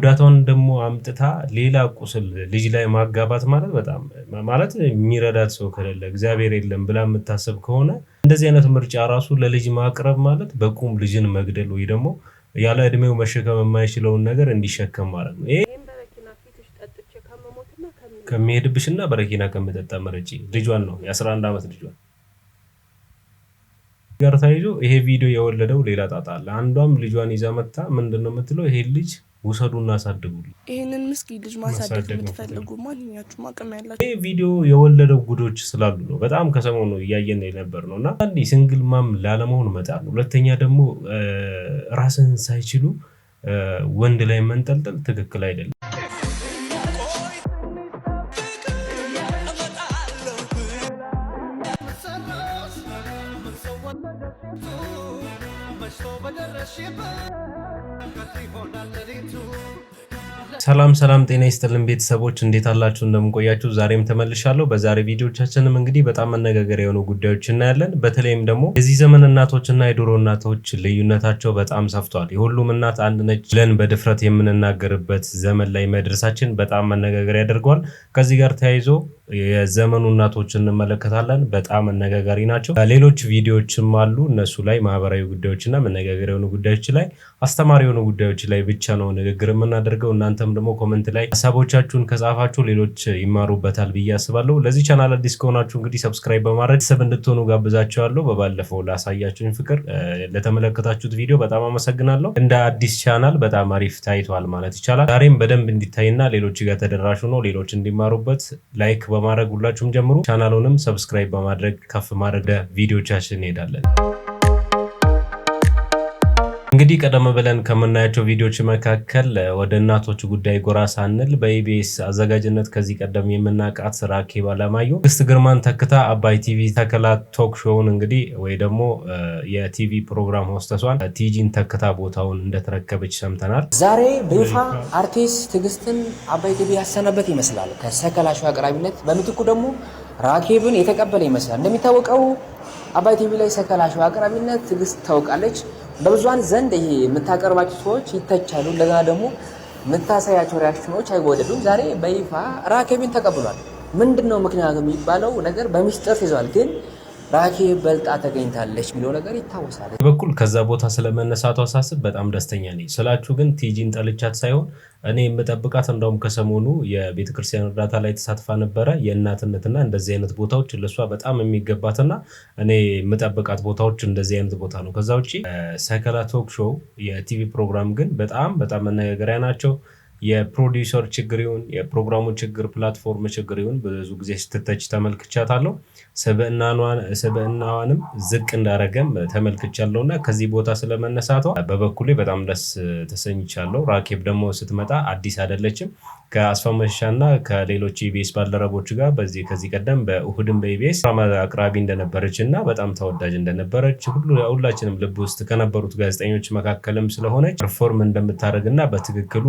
ጉዳቷን ደግሞ አምጥታ ሌላ ቁስል ልጅ ላይ ማጋባት ማለት በጣም ማለት የሚረዳት ሰው ከሌለ እግዚአብሔር የለም ብላ የምታስብ ከሆነ እንደዚህ አይነት ምርጫ ራሱ ለልጅ ማቅረብ ማለት በቁም ልጅን መግደል ወይ ደግሞ ያለ እድሜው መሸከም የማይችለውን ነገር እንዲሸከም ማለት ነው። ይሄ ከሚሄድብሽና በረኪና ከምጠጣ መረጪ ልጇን ነው የ11 ዓመት ልጇን ጋር ታይዞ ይሄ ቪዲዮ የወለደው ሌላ ጣጣ አለ። አንዷም ልጇን ይዛ መታ ምንድን ነው የምትለው ይሄ ልጅ ውሰዱና አሳድጉልኝ። ይህንን ምስኪ ልጅ ማሳደግ የምትፈልጉ ማንኛችሁም አቅም ያላችሁ ይህ ቪዲዮ የወለደው ጉዶች ስላሉ ነው። በጣም ከሰሞኑ እያየን የነበር ነው እና አንድ ሲንግል ማም ላለመሆን መጣር ሁለተኛ ደግሞ ራስን ሳይችሉ ወንድ ላይ መንጠልጠል ትክክል አይደለም። ሰላም ሰላም፣ ጤና ይስጥልን ቤተሰቦች እንዴት አላችሁ? እንደምንቆያችሁ ዛሬም ተመልሻለሁ። በዛሬ ቪዲዮቻችንም እንግዲህ በጣም መነጋገሪያ የሆኑ ጉዳዮች እናያለን። በተለይም ደግሞ የዚህ ዘመን እናቶችና የድሮ እናቶች ልዩነታቸው በጣም ሰፍቷል። የሁሉም እናት አንድ ነች ብለን በድፍረት የምንናገርበት ዘመን ላይ መድረሳችን በጣም መነጋገር ያደርገዋል። ከዚህ ጋር ተያይዞ የዘመኑ እናቶች እንመለከታለን። በጣም አነጋጋሪ ናቸው። ሌሎች ቪዲዮዎችም አሉ። እነሱ ላይ ማህበራዊ ጉዳዮችና መነጋገር የሆኑ ጉዳዮች ላይ አስተማሪ የሆኑ ጉዳዮች ላይ ብቻ ነው ንግግር የምናደርገው እናንተም ደግሞ ኮመንት ላይ ሀሳቦቻችሁን ከጻፋችሁ ሌሎች ይማሩበታል ብዬ አስባለሁ። ለዚህ ቻናል አዲስ ከሆናችሁ እንግዲህ ሰብስክራይብ በማድረግ ሰብ እንድትሆኑ ጋብዛችኋለሁ። በባለፈው ላሳያችሁኝ ፍቅር ለተመለከታችሁት ቪዲዮ በጣም አመሰግናለሁ። እንደ አዲስ ቻናል በጣም አሪፍ ታይቷል ማለት ይቻላል። ዛሬም በደንብ እንዲታይና ሌሎች ጋር ተደራሽ ሆኖ ሌሎች እንዲማሩበት ላይክ በማድረግ ሁላችሁም ጀምሩ። ቻናሉንም ሰብስክራይብ በማድረግ ከፍ ማድረግ ቪዲዮቻችን እንሄዳለን። እንግዲህ ቀደም ብለን ከምናያቸው ቪዲዮዎች መካከል ወደ እናቶች ጉዳይ ጎራ ሳንል በኢቢኤስ አዘጋጅነት ከዚህ ቀደም የምናውቃት ራኬብ አለማየሁ ትዕግስት ግርማን ተክታ አባይ ቲቪ ተከላ ቶክ ሾውን እንግዲህ ወይ ደግሞ የቲቪ ፕሮግራም ሆስተሷን ቲጂን ተክታ ቦታውን እንደተረከበች ሰምተናል። ዛሬ በይፋ አርቲስት ትግስትን አባይ ቲቪ ያሰናበት ይመስላል ከሰከላ ሾው አቅራቢነት። በምትኩ ደግሞ ራኬብን የተቀበለ ይመስላል። እንደሚታወቀው አባይ ቲቪ ላይ ሰከላ ሾው አቅራቢነት ትግስት ታውቃለች። በብዙሃን ዘንድ ይሄ የምታቀርባቸው ሰዎች ይተቻሉ። እንደገና ደግሞ የምታሳያቸው ሪያክሽኖች አይወደዱም። ዛሬ በይፋ ራኬቢን ተቀብሏል። ምንድን ነው ምክንያቱ የሚባለው ነገር በሚስጥር ይዘዋል ግን ራኬብ በልጣ ተገኝታለች የሚለው ነገር ይታወሳል። በኩል ከዛ ቦታ ስለመነሳቷ ሳስብ በጣም ደስተኛ ነኝ ስላችሁ፣ ግን ቲጂን ጠልቻት ሳይሆን እኔ የምጠብቃት እንደውም ከሰሞኑ የቤተክርስቲያን እርዳታ ላይ ተሳትፋ ነበረ። የእናትነትና እንደዚህ አይነት ቦታዎች ለእሷ በጣም የሚገባትና እኔ የምጠብቃት ቦታዎች እንደዚህ አይነት ቦታ ነው። ከዛ ውጭ ሰከላ ቶክ ሾው የቲቪ ፕሮግራም ግን በጣም በጣም መነጋገሪያ ናቸው። የፕሮዲውሰር ችግር ይሁን የፕሮግራሙ ችግር ፕላትፎርም ችግር ይሁን ብዙ ጊዜ ስትተች ተመልክቻታለሁ። ስብዕናዋንም ዝቅ እንዳረገም ተመልክቻለሁ እና ከዚህ ቦታ ስለመነሳቷ በበኩሌ በጣም ደስ ተሰኝቻለሁ። ራኬብ ደግሞ ስትመጣ አዲስ አይደለችም። ከአስፋመሻ እና ከሌሎች ኢቢኤስ ባልደረቦች ጋር በዚህ ከዚህ ቀደም በእሁድም በኢቢኤስ አቅራቢ እንደነበረች እና በጣም ተወዳጅ እንደነበረች ሁላችንም ልብ ውስጥ ከነበሩት ጋዜጠኞች መካከልም ስለሆነች ሪፎርም እንደምታደርግ እና በትክክሉ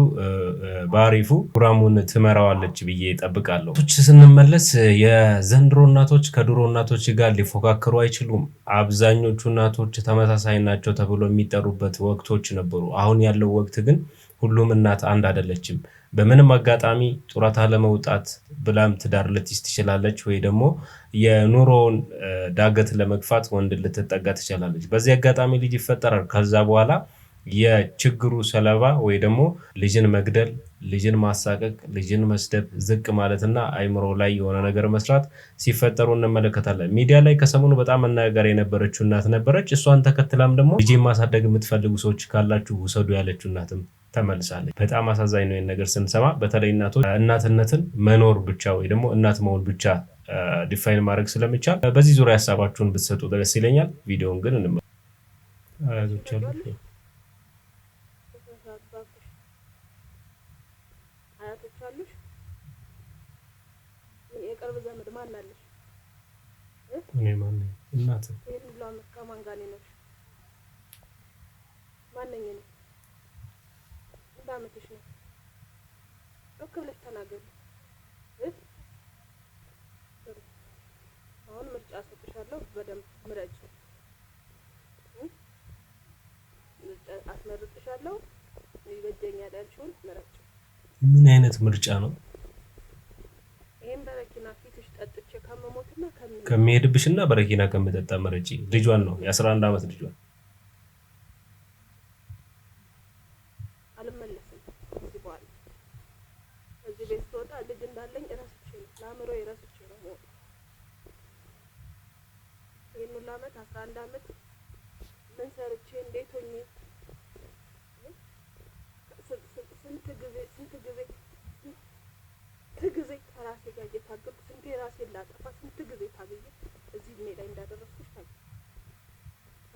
በአሪፉ ፕሮግራሙን ትመራዋለች ብዬ ጠብቃለሁ። ስንመለስ የዘንድሮ እናቶች ከድሮ እናቶች ጋር ሊፎካከሩ አይችሉም። አብዛኞቹ እናቶች ተመሳሳይ ናቸው ተብሎ የሚጠሩበት ወቅቶች ነበሩ። አሁን ያለው ወቅት ግን ሁሉም እናት አንድ አይደለችም። በምንም አጋጣሚ ጡረታ ለመውጣት ብላም ትዳር ልትይዝ ትችላለች፣ ወይ ደግሞ የኑሮውን ዳገት ለመግፋት ወንድ ልትጠጋ ትችላለች። በዚህ አጋጣሚ ልጅ ይፈጠራል። ከዛ በኋላ የችግሩ ሰለባ ወይ ደግሞ ልጅን መግደል፣ ልጅን ማሳቀቅ፣ ልጅን መስደብ፣ ዝቅ ማለትና አይምሮ ላይ የሆነ ነገር መስራት ሲፈጠሩ እንመለከታለን። ሚዲያ ላይ ከሰሞኑ በጣም መናገር የነበረችው እናት ነበረች። እሷን ተከትላም ደግሞ ልጄን ማሳደግ የምትፈልጉ ሰዎች ካላችሁ ውሰዱ ያለችው እናትም ተመልሳለች። በጣም አሳዛኝ ነው ነገር ስንሰማ። በተለይ እናቶች እናትነትን መኖር ብቻ ወይ ደግሞ እናት መሆን ብቻ ዲፋይን ማድረግ ስለሚቻል በዚህ ዙሪያ ሀሳባችሁን ብትሰጡ ደስ ይለኛል። ቪዲዮውን ግን እንመ ማን አለሽ? እኔ ማን እናት ሁሉ አመት ከማን ጋር ነው የኖርሽ? አመትሽ ነው? ጮክ ብለሽ ተናገሪ። አሁን ምርጫ ሰጥሻለሁ፣ በደንብ ምረጭ። አስመርጥሻለሁ፣ ይበጀኛል ያልሽውን ምረጭ። ምን አይነት ምርጫ ነው? ከሚሄድብሽና በረኪና ከምጠጣ መረጪ። ልጇን ነው የአስራ አንድ ዓመት ልጇን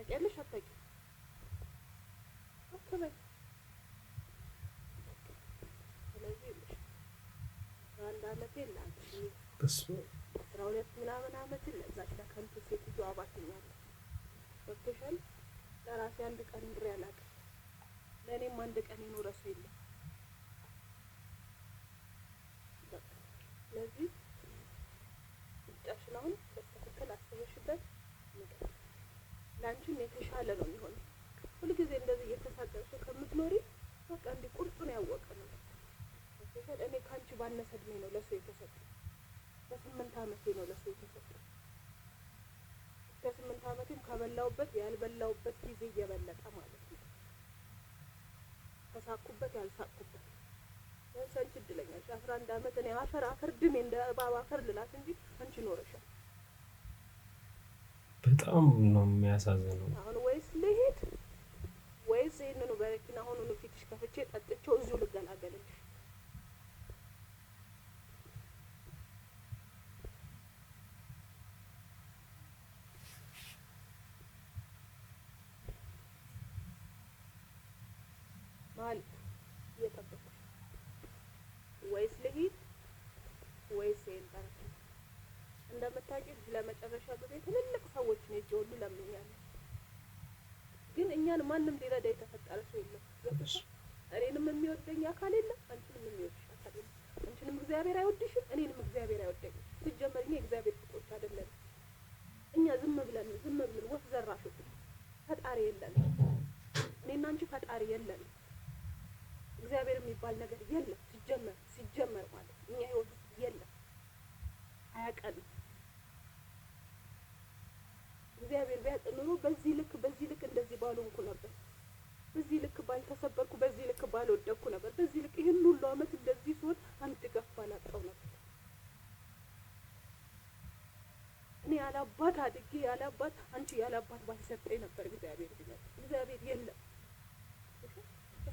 ታውቂያለሽ አታውቂም? አትበይ። ስለዚህ በአንድ አመቴ እናንተ አስራ ሁለት ምናምን አመት ለዛች ለከንቱ ሴትዮ አባትኛለሁ። ገብቶሻል? ለራሴ አንድ ቀን ምሬ አላውቅም። ለእኔም አንድ ቀን ይኑረሱ የበላውበት ያልበላውበት ጊዜ እየበለጠ ማለት ነው። ከሳኩበት ያልሳኩበት አንቺ እድለኛ ነሽ። አስራ አንድ አመት እኔ አፈር አፈር ድሜ እንደ እባብ አፈር ልላት እንጂ አንቺ ኖረሻል። በጣም ነው የሚያሳዝነው። አሁን ወይስ ልሄድ ወይስ ይህንኑ በረኪና አሁኑኑ ፊትሽ ከፍቼ ሆኗል። እየጠበኩ ወይስ ልሂድ ወይስ ይንጠራ እንደምታውቂው ለመጨረሻ ጊዜ ትልልቅ ሰዎች ነው እጅ ሁሉ ግን እኛን ማንም ሊረዳ የተፈጠረ ሰው የለም። እኔንም የሚወደኝ አካል የለም፣ አንቺንም የሚወድሽ አካል የለም። አንቺንም እግዚአብሔር አይወድሽም አባት አድጌ ያለ አንቺ ያለ ባልሰጠኝ ነበር እግዚአብሔር ቢኖር እግዚአብሔር የለም።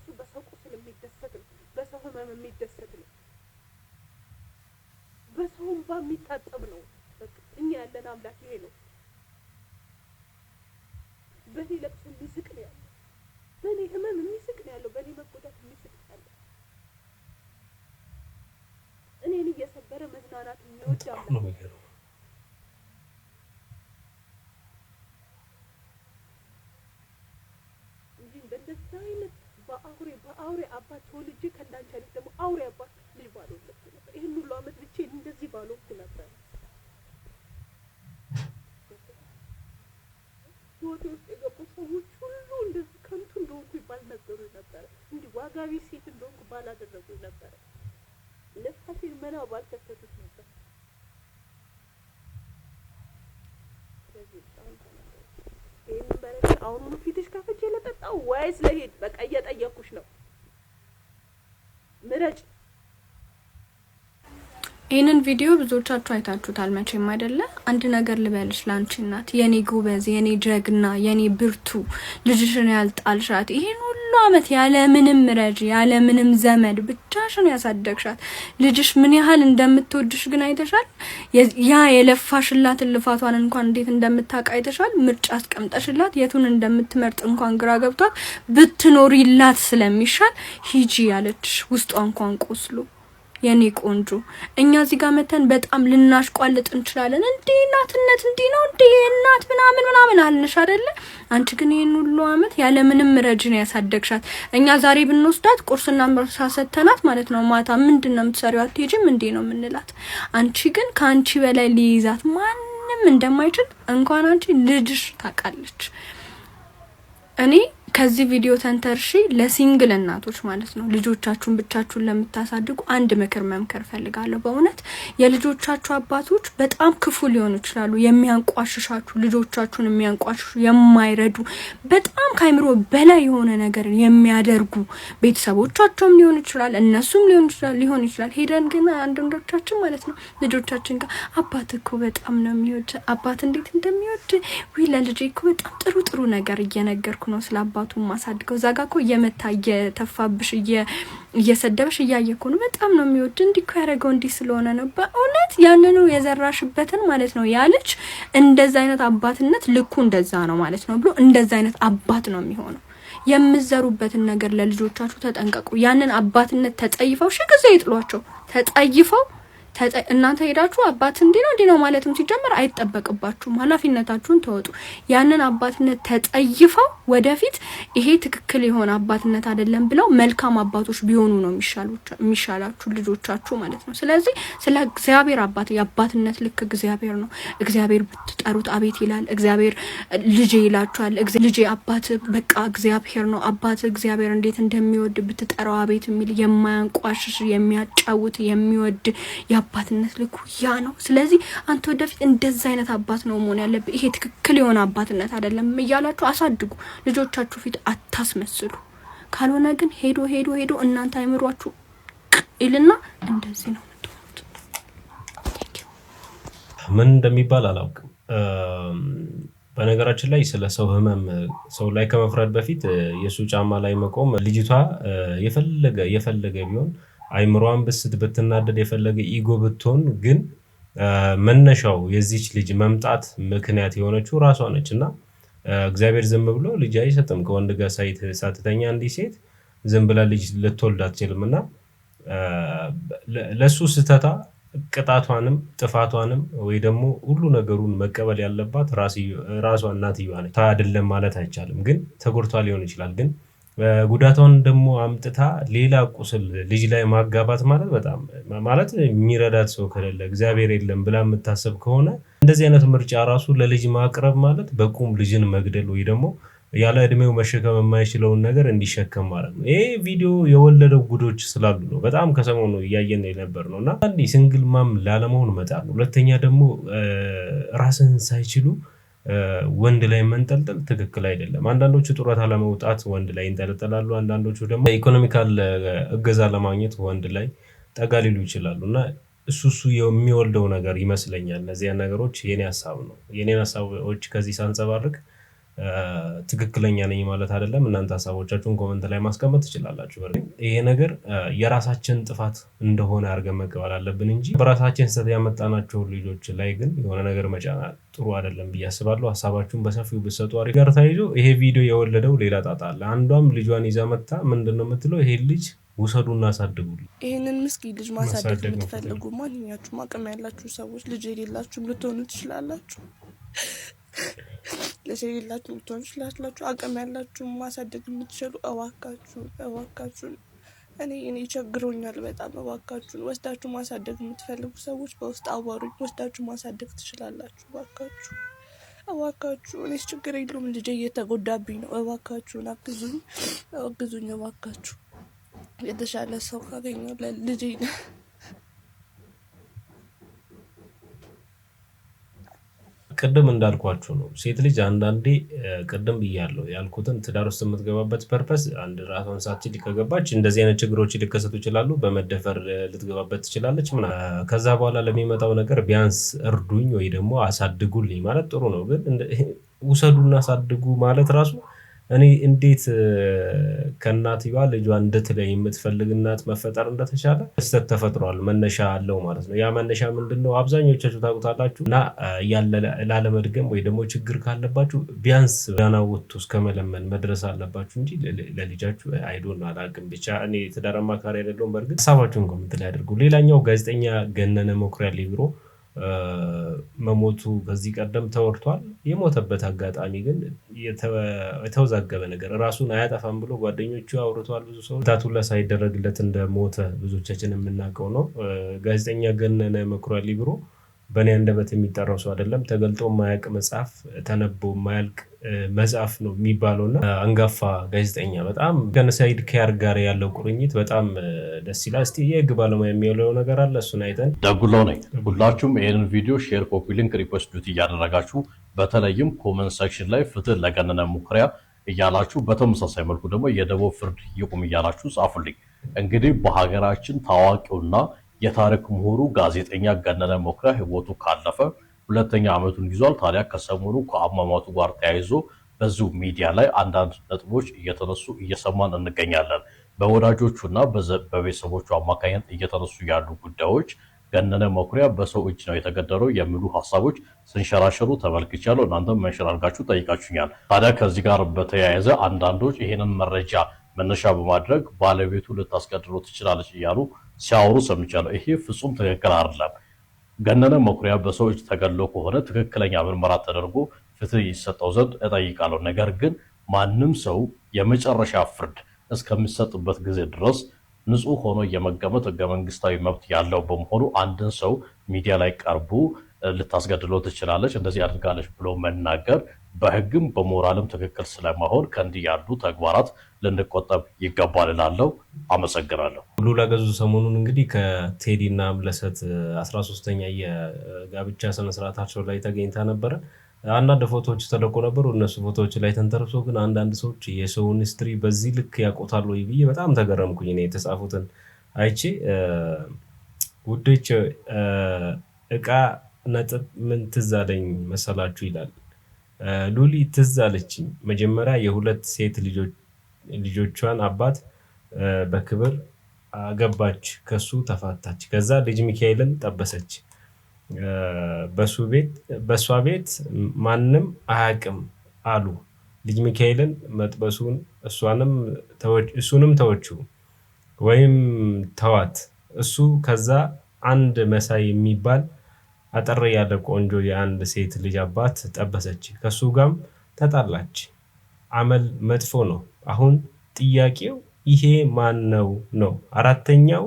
እሱ በሰው ቁስል የሚደሰት ነው። በሰው ህመም የሚደሰት ነው። በሰው እንባ የሚታጠብ ነው። እኛ ያለን አምላክ ይሄ ነው። በእኔ ለቅሶ የሚስቅ ነው ያለው። በእኔ ህመም የሚስቅ ነው ያለው። በእኔ መጎዳት የሚስቅ ነው ያለው። እኔን እየሰበረ መዝናናት የሚወድ አምላክ ነው። እንደዛ አይነት በአውሬ በአውሬ አባት ተወልጄ ከእንዳንቺ አይነት ደግሞ አውሬ አባት ልጅ ባሎ ነበር። ይህን ሁሉ አመት ብቼ እንደዚህ ባሎ ነበር። ህይወቴ ውስጥ የገቡ ሰዎች ሁሉ እንደዚህ ከንቱ እንደሆንኩ ባልነገሩ ነበረ። እንዲህ ዋጋቢ ሴት እንደሆንኩ ባላደረጉ ነበረ። ነፍሳሴን መና ባልከተቱት ነበር። ስለዚህ ይሄንን በረኪ አሁኑኑ ፊትሽ ከፍቼ ወይስ ለሄድ? በቃ እየጠየኩሽ ነው፣ ምረጭ። ይህንን ቪዲዮ ብዙዎቻችሁ አይታችሁታል መቼም አይደለ? አንድ ነገር ልበልሽ፣ ለአንቺ እናት፣ የኔ ጎበዝ፣ የኔ ጀግና፣ የኔ ብርቱ፣ ልጅሽን ያልጣልሻት ይሄን ሁሉ አመት ምንም ረጅ ያለምንም ዘመድ ብቻሽን ያሳደግሻት ልጅሽ ምን ያህል እንደምትወድሽ ግን አይተሻል። ያ የለፋሽላትን ልፋቷን እንኳን እንዴት እንደምታውቅ አይተሻል። ምርጫ አስቀምጠሽላት የቱን እንደምትመርጥ እንኳን ግራ ገብቷት ብትኖሪላት ስለሚሻል ሂጂ ያለችሽ ውስጧ እንኳን ቆስሎ የኔ ቆንጆ እኛ እዚህ ጋር መተን በጣም ልናሽቋልጥ እንችላለን። እንዴ እናትነት እንዲህ ነው እንዴ እናት ምናምን ምናምን አልንሽ አደለ? አንቺ ግን ይህን ሁሉ አመት ያለምንም ረጅ ነው ያሳደግሻት። እኛ ዛሬ ብንወስዳት ቁርስና ምርሳ ሰተናት ማለት ነው ማታ ምንድን ነው የምትሰሪው አትሄጂም እንዴ ነው የምንላት። አንቺ ግን ከአንቺ በላይ ሊይዛት ማንም እንደማይችል እንኳን አንቺ ልጅሽ ታውቃለች። እኔ ከዚህ ቪዲዮ ተንተርሺ ለሲንግል እናቶች ማለት ነው ልጆቻችሁን ብቻችሁን ለምታሳድጉ አንድ ምክር መምከር ፈልጋለሁ። በእውነት የልጆቻችሁ አባቶች በጣም ክፉ ሊሆኑ ይችላሉ። የሚያንቋሽሻችሁ፣ ልጆቻችሁን የሚያንቋሽሹ፣ የማይረዱ በጣም ከአይምሮ በላይ የሆነ ነገር የሚያደርጉ ቤተሰቦቻቸውም ሊሆን ይችላል፣ እነሱም ሊሆን ይችላል ሊሆን ይችላል። ሄደን ግን አንዳንዶቻችን ማለት ነው ልጆቻችን ጋር አባት እኮ በጣም ነው የሚወድ አባት እንዴት እንደሚወድ ዊ ለልጄ እኮ በጣም ጥሩ ጥሩ ነገር እየነገርኩ ነው ስለ አባቱን ማሳድገው እዛ ጋ እኮ እየመታ እየተፋብሽ እየሰደብሽ እያየ ነው። በጣም ነው የሚወድ እንዲህ ያደረገው እንዲህ ስለሆነ ነው። በእውነት ያንኑ የዘራሽበትን ማለት ነው ያለች እንደዛ አይነት አባትነት ልኩ እንደዛ ነው ማለት ነው ብሎ እንደዛ አይነት አባት ነው የሚሆነው። የምዘሩበትን ነገር ለልጆቻችሁ ተጠንቀቁ። ያንን አባትነት ተጸይፈው ሽግዘ ይጥሏቸው ተጸይፈው እናንተ ሄዳችሁ አባት እንዲህ ነው እንዲህ ነው ማለትም ሲጀመር አይጠበቅባችሁም። ኃላፊነታችሁን ተወጡ። ያንን አባትነት ተጠይፈው ወደፊት ይሄ ትክክል የሆነ አባትነት አይደለም ብለው መልካም አባቶች ቢሆኑ ነው የሚሻላችሁ ልጆቻችሁ ማለት ነው። ስለዚህ ስለ እግዚአብሔር አባት የአባትነት ልክ እግዚአብሔር ነው። እግዚአብሔር ብትጠሩት አቤት ይላል። እግዚአብሔር ልጄ ይላችኋል። ልጄ አባት በቃ እግዚአብሔር ነው። አባት እግዚአብሔር እንዴት እንደሚወድ ብትጠራው አቤት የሚል የማያንቋሽሽ የሚያጫውት የሚወድ የአባትነት ልኩ ያ ነው። ስለዚህ አንተ ወደፊት እንደዛ አይነት አባት ነው መሆን ያለብህ። ይሄ ትክክል የሆነ አባትነት አይደለም እያላችሁ አሳድጉ። ልጆቻችሁ ፊት አታስመስሉ። ካልሆነ ግን ሄዶ ሄዶ ሄዶ እናንተ አይምሯችሁ ይልና እንደዚህ ነው የምትሆኑት። ምን እንደሚባል አላውቅም። በነገራችን ላይ ስለ ሰው ህመም ሰው ላይ ከመፍረድ በፊት የእሱ ጫማ ላይ መቆም ልጅቷ የፈለገ የፈለገ ቢሆን አይምሯን ብስት ብትናደድ የፈለገ ኢጎ ብትሆን ግን መነሻው የዚች ልጅ መምጣት ምክንያት የሆነችው ራሷ ነች። እና እግዚአብሔር ዝም ብሎ ልጅ አይሰጥም። ከወንድ ጋር ሳትተኛ እንዲህ ሴት ዝም ብላ ልጅ ልትወልድ አትችልም። እና ለእሱ ስተታ ቅጣቷንም ጥፋቷንም ወይ ደግሞ ሁሉ ነገሩን መቀበል ያለባት ራሷ እናትየዋ ነች። አይደለም ማለት አይቻልም፣ ግን ተጎድቷ ሊሆን ይችላል ግን ጉዳቷን ደግሞ አምጥታ ሌላ ቁስል ልጅ ላይ ማጋባት ማለት በጣም ማለት የሚረዳት ሰው ከሌለ እግዚአብሔር የለም ብላ የምታሰብ ከሆነ እንደዚህ አይነት ምርጫ ራሱ ለልጅ ማቅረብ ማለት በቁም ልጅን መግደል ወይ ደግሞ ያለ እድሜው መሸከም የማይችለውን ነገር እንዲሸከም ማለት ነው። ይሄ ቪዲዮ የወለደው ጉዶች ስላሉ ነው። በጣም ከሰሞኑ እያየን የነበር ነው እና አንዴ ሲንግል ማም ላለመሆን መጣር ሁለተኛ ደግሞ ራስህን ሳይችሉ ወንድ ላይ መንጠልጠል ትክክል አይደለም። አንዳንዶቹ ጡረታ ለመውጣት ወንድ ላይ ይንጠለጠላሉ። አንዳንዶቹ ደግሞ ኢኮኖሚካል እገዛ ለማግኘት ወንድ ላይ ጠጋ ሊሉ ይችላሉ እና እሱ እሱ የሚወልደው ነገር ይመስለኛል። እነዚያን ነገሮች የኔ ሀሳብ ነው። የኔን ሀሳቦች ከዚህ ሳንጸባርቅ ትክክለኛ ነኝ ማለት አይደለም። እናንተ ሀሳቦቻችሁን ኮመንት ላይ ማስቀመጥ ትችላላችሁ። ይሄ ነገር የራሳችን ጥፋት እንደሆነ አድርገን መቀበል አለብን እንጂ በራሳችን ስህተት ያመጣናቸው ልጆች ላይ ግን የሆነ ነገር መጫና ጥሩ አይደለም ብዬ አስባለሁ። ሀሳባችሁን በሰፊው ብሰጡ አሪፍ። ጋር ተያይዞ ይሄ ቪዲዮ የወለደው ሌላ ጣጣ አለ። አንዷም ልጇን ይዛ መታ ምንድን ነው የምትለው? ይሄ ልጅ ውሰዱና እናሳድጉል። ይህንን ምስኪን ልጅ ማሳደግ የምትፈልጉ ማንኛችሁም አቅም ያላችሁ ሰዎች ልጅ የሌላችሁም ልትሆኑ ትችላላችሁ። ለሰሌላችሁ ልትሆኑ ይችላላችሁ። አቅም ያላችሁ ማሳደግ የምትችሉ እባካችሁን እባካችሁን እኔ እኔ ቸግሮኛል በጣም እባካችሁን። ወስዳችሁ ማሳደግ የምትፈልጉ ሰዎች በውስጥ አዋሩኝ። ወስዳችሁ ማሳደግ ትችላላችሁ። እዋካችሁ እዋካችሁ። እኔስ ችግር የለውም ልጄ እየተጎዳብኝ ነው። እዋካችሁን አግዙኝ፣ አግዙኝ፣ አግዙኝ እዋካችሁ የተሻለ ሰው ካገኘው ለልጄ ቅድም እንዳልኳችሁ ነው። ሴት ልጅ አንዳንዴ ቅድም ብያለሁ ያልኩትን ትዳር ውስጥ የምትገባበት ፐርፐስ አንድ ራሷን ሳትችል ከገባች እንደዚህ አይነት ችግሮች ሊከሰቱ ይችላሉ። በመደፈር ልትገባበት ትችላለች ምናምን። ከዛ በኋላ ለሚመጣው ነገር ቢያንስ እርዱኝ ወይ ደግሞ አሳድጉልኝ ማለት ጥሩ ነው። ግን ውሰዱና አሳድጉ ማለት ራሱ እኔ እንዴት ከእናትየዋ ልጇ እንድትለይ የምትፈልግ እናት መፈጠር እንደተቻለ ክስተት ተፈጥሯል። መነሻ አለው ማለት ነው። ያ መነሻ ምንድን ነው? አብዛኞቻችሁ ታውቁታላችሁ። እና ላለመድገም ወይ ደግሞ ችግር ካለባችሁ ቢያንስ ዳና ወጥቶ እስከ መለመን መድረስ አለባችሁ እንጂ ለልጃችሁ አይዶን አላውቅም። ብቻ እኔ ትዳር አማካሪ አይደለሁም። በእርግጥ ሀሳባችሁን ኮመንት ላይ አድርጉ። ሌላኛው ጋዜጠኛ ገነነ መኩሪያ ሊብሮ መሞቱ ከዚህ ቀደም ተወርቷል። የሞተበት አጋጣሚ ግን የተወዛገበ ነገር ራሱን አያጠፋም ብሎ ጓደኞቹ አውርተዋል። ብዙ ሰው ታቱላ ሳይደረግለት እንደሞተ ብዙዎቻችን የምናውቀው ነው። ጋዜጠኛ ገነነ መኩሪያ ሊብሮ በእኔ አንደበት የሚጠራው ሰው አይደለም። ተገልጦ የማያውቅ መጽሐፍ፣ ተነቦ የማያልቅ መጽሐፍ ነው የሚባለው እና አንጋፋ ጋዜጠኛ በጣም ከነሳይድ ኪያር ጋር ያለው ቁርኝት በጣም ደስ ይላል። እስኪ የህግ ባለሙያ የሚውለው ነገር አለ፣ እሱን አይተን። ደጉላው ነኝ። ሁላችሁም ይህንን ቪዲዮ ሼር፣ ኮፒ ሊንክ፣ ሪፖስቱት እያደረጋችሁ በተለይም ኮመንት ሰክሽን ላይ ፍትህ ለገነነ መኩሪያ እያላችሁ በተመሳሳይ መልኩ ደግሞ የደቦ ፍርድ ይቁም እያላችሁ ጻፉልኝ። እንግዲህ በሀገራችን ታዋቂውና የታሪክ ምሁሩ ጋዜጠኛ ገነነ መኩሪያ ህይወቱ ካለፈ ሁለተኛ ዓመቱን ይዟል። ታዲያ ከሰሞኑ ከአሟሟቱ ጋር ተያይዞ በዚሁ ሚዲያ ላይ አንዳንድ ነጥቦች እየተነሱ እየሰማን እንገኛለን። በወዳጆቹ እና በቤተሰቦቹ አማካኝነት እየተነሱ ያሉ ጉዳዮች ገነነ መኩሪያ በሰው እጅ ነው የተገደለው የሚሉ ሀሳቦች ስንሸራሸሩ ተመልክቻለሁ። እናንተም መንሸራርጋችሁ ጠይቃችሁኛል። ታዲያ ከዚህ ጋር በተያያዘ አንዳንዶች ይሄንን መረጃ መነሻ በማድረግ ባለቤቱ ልታስቀድሮ ትችላለች እያሉ ሲያወሩ ሰምቻለሁ። ይሄ ፍጹም ትክክል አይደለም። ገነነ መኩሪያ በሰው እጅ ከሆነ ትክክለኛ ምርመራ ተደርጎ ፍትህ ይሰጠው ዘንድ እጠይቃለሁ። ነገር ግን ማንም ሰው የመጨረሻ ፍርድ እስከሚሰጥበት ጊዜ ድረስ ንጹህ ሆኖ የመገመት ህገ መንግስታዊ መብት ያለው በመሆኑ አንድን ሰው ሚዲያ ላይ ቀርቡ ልታስገድሎ ትችላለች፣ እንደዚህ አድርጋለች ብሎ መናገር በህግም በሞራልም ትክክል ስለመሆን ከእንዲህ ያሉ ተግባራት ልንቆጠብ ይገባል እላለሁ። አመሰግናለሁ። ሁሉ ለገዙ ሰሞኑን እንግዲህ ከቴዲ እና አምለሰት አስራ ሶስተኛ የጋብቻ ስነስርዓታቸው ላይ ተገኝታ ነበረ። አንዳንድ ፎቶዎች ተለቆ ነበሩ። እነሱ ፎቶዎች ላይ ተንተርሶ ግን አንዳንድ ሰዎች የሰውን ስትሪ በዚህ ልክ ያቆታሉ ብዬ በጣም ተገረምኩኝ። እኔ የተጻፉትን አይቼ ውዶች እቃ ነጥብ ምን ትዝ አለኝ መሰላችሁ ይላል ሉሊ ትዝ አለችኝ መጀመሪያ የሁለት ሴት ልጆቿን አባት በክብር አገባች ከሱ ተፋታች ከዛ ልጅ ሚካኤልን ጠበሰች። ቤት በሷ ቤት ማንም አያውቅም አሉ ልጅ ሚካኤልን መጥበሱን እሱንም ተወችው ወይም ተዋት እሱ ከዛ አንድ መሳይ የሚባል አጠር ያለ ቆንጆ የአንድ ሴት ልጅ አባት ጠበሰች፣ ከሱ ጋም ተጣላች። አመል መጥፎ ነው። አሁን ጥያቄው ይሄ ማን ነው ነው። አራተኛው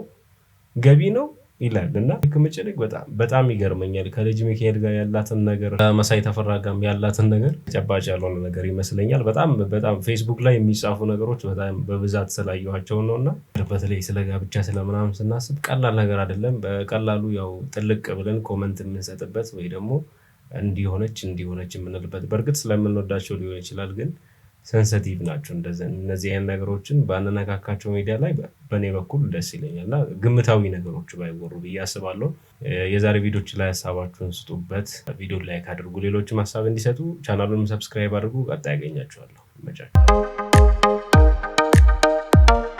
ገቢ ነው ይላል እና ህክምጭ በጣም በጣም ይገርመኛል። ከልጅ ሚካኤል ጋር ያላትን ነገር መሳይ ተፈራ ያላትን ነገር ተጨባጭ ያልሆነ ነገር ይመስለኛል። በጣም በጣም ፌስቡክ ላይ የሚጻፉ ነገሮች በጣም በብዛት ስላየኋቸው ነው እና በተለይ ስለ ጋብቻ ስለምናምን ስናስብ ቀላል ነገር አይደለም። በቀላሉ ያው ጥልቅ ብለን ኮመንት የምንሰጥበት ወይ ደግሞ እንዲሆነች እንዲሆነች የምንልበት በእርግጥ ስለምንወዳቸው ሊሆን ይችላል ግን ሰንሰቲቭ ናቸው። እነዚህ አይነት ነገሮችን ባንነካካቸው ሚዲያ ላይ በእኔ በኩል ደስ ይለኛል እና ግምታዊ ነገሮች ባይወሩ ብዬ አስባለሁ። የዛሬ ቪዲዮች ላይ ሀሳባችሁን ስጡበት። ቪዲዮ ላይክ አድርጉ፣ ሌሎችም ሀሳብ እንዲሰጡ ቻናሉንም ሰብስክራይብ አድርጉ። ቀጣይ ያገኛችኋለሁ። መጫ